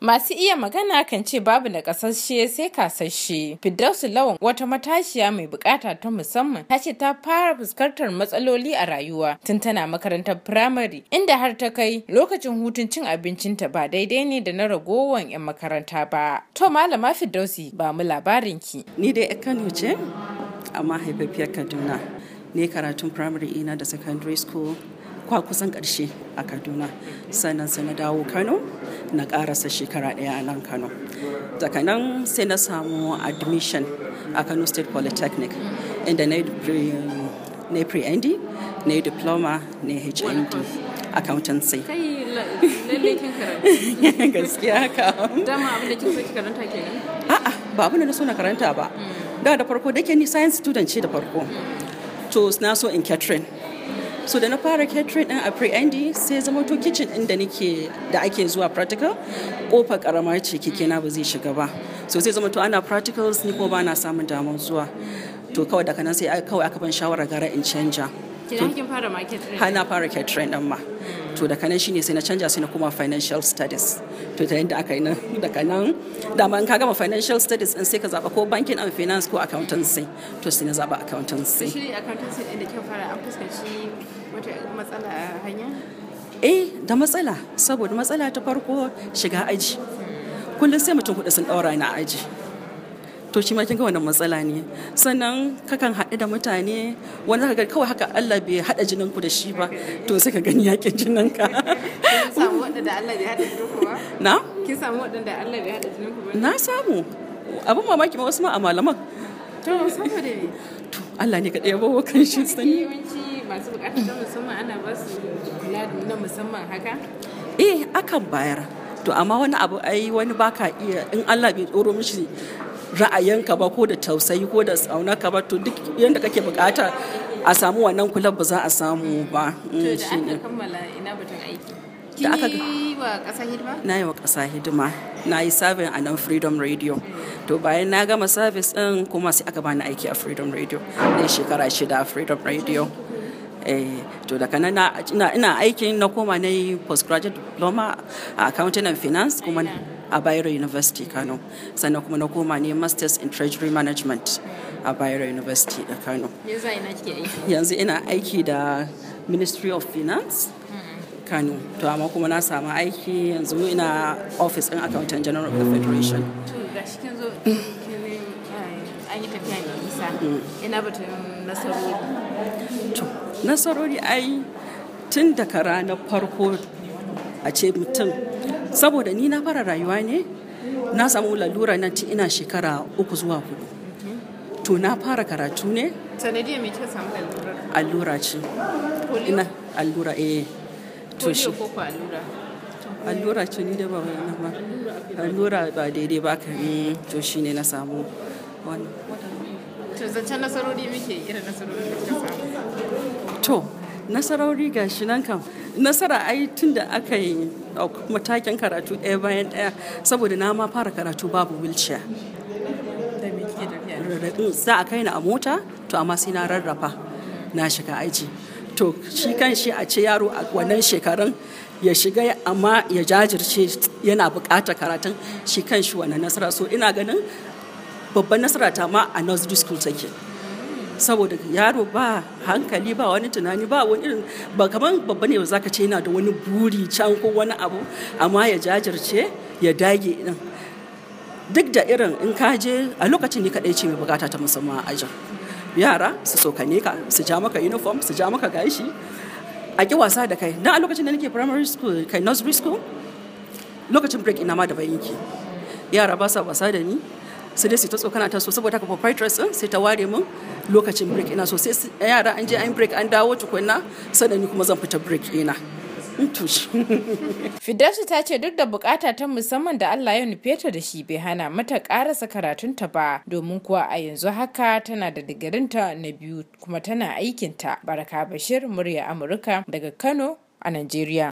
Masu iya magana kan ce babu na kasashe sai kasashe. Fidausu Lawan wata matashiya mai bukata ta musamman ta ce ta fara fuskantar matsaloli a rayuwa tun tana makarantar firamare inda har ta kai lokacin hutun cin abincinta ba daidai ne da na ragowar 'yan makaranta ba. To malama Fidausi ba mu labarin ki. Ni dai Kano ce amma haifafiyar Kaduna. Ne karatun firamare ina da secondary school kwa kusan ƙarshe a kaduna sannan sai na dawo kano na karasa shekara ɗaya a nan kano daga nan sai na samu admission a kano state polytechnic inda na yi pre-nd na yi diploma na hnd accountancy gaskiya ka. dama abin da kika so ki karanta kenan a'a ba abin da na so na karanta ba hmm. da da farko da ke ni science student ce da farko hmm. to na so in catering so da na fara catering din a pre-nd sai zama to kitchen din da nake da ake zuwa practical kofa karama ce kike na ba zai shiga ba so sai zama to ana practicals ni ko ba na samun damar zuwa to kawai daga nan sai kawai aka ban shawara gara in canja. Kina kin fara market ha Hana fara catering din ma. to daga nan shine sai na canja sai na koma financial studies to ta yadda aka yi nan daga nan dama in ka gama financial studies din sai ka zaba ko banking and finance ko accountancy to sai na zaba accountancy shi accountancy din da kyau fara an fuskanci wata matsala a hanya eh da matsala saboda matsala ta farko shiga aji kullum sai mutum kuɗi sun ɗaura na aji to shi ma kin ga wannan matsala ne sannan kakan haɗu da mutane wanda zaka ga kawai haka Allah bai haɗa jinin ku da shi ba to sai ka gani yakin jinin ka kin samu waɗanda Allah bai haɗa jinin ku ba na kin samu waɗanda Allah bai haɗa jinin ku ba na samu abin mamaki ma wasu ma a malaman to saboda ne to Allah ne ka ya bawa kan shi sani yawanci masu buƙatar na musamman ana ba su kula na musamman haka eh akan bayar to amma wani abu ai wani baka iya in Allah bai tsoro mishi ra'ayinka ba ko da tausayi ko da tsaunaka ba to duk yadda kake bukata a samu wannan kula ba za a samu ba. Mm, da aka wa ƙasa hidima? Na yi wa ƙasa hidima. Na yi sabin a nan Freedom Radio. To bayan na gama service ɗin kuma sai aka bani aiki a Freedom Radio. Na shekara shida a Freedom Radio. Eh, to daga nan ina aikin na koma na yi postgraduate diploma a accounting and finance kuma a Bayero University Kano sannan kuma na koma ne Masters in Treasury Management a Bayero University da Kano. Yanzu ina aiki da Ministry of Finance hmm. Kano to amma kuma na samu aiki yanzu ina Office in Accountant General of the Federation. Eh, an yi tafiya mai nisa hmm. ina batun nasarori to nasarori ai tun daga ranar farko a ce mutum saboda ni na fara rayuwa ne na samu lalura na ci ina shekara uku zuwa hudu to na fara karatu ne sanadiyar mai kika samu lalura allura ce ina allura eh to shi allura allura ce ni da ba wani ba allura ba daidai ba ka eh. to shi ne na samu wannan to zancen nasarori muke irin nasarori da kika samu to nasarori ga shi nan kam nasara ai tun da aka yi matakin karatu ɗaya bayan ɗaya saboda na ma fara karatu babu wilciya za a kai ni a mota to amma sai na rarrafa na shiga aji to shi kan shi a ce yaro a wannan shekarun ya shiga amma ya jajirce yana bukatar karatun shi kan shi wannan nasara so ina ganin babban nasara ta ma a nursery school take saboda yaro ba hankali ba wani tunani ba wani irin ba kaman babba ne ba za ka ce yana da wani buri can ko wani abu amma ya jajirce ya dage din duk da irin in ka je a lokacin ni kaɗai ce mai bukata ta musamman a ajin yara su sokane ka su ja maka uniform su ja maka gashi a ƙi wasa da kai na a lokacin da nake primary school kai nursery school lokacin break ina ma da bayanki yara ba sa wasa da ni sai dai su ta ta so saboda haka proprietors din sai ta ware mun lokacin break ina so sai eh, yara an je an break an dawo tukunna sannan kuma zan fita break ina Fidelsu ta ce duk da bukata ta musamman da Allah ya nufe ta da shi bai hana mata karasa karatunta ba domin kuwa a yanzu haka tana da digirinta na biyu kuma tana aikinta. Baraka Bashir murya Amurka daga Kano a Najeriya.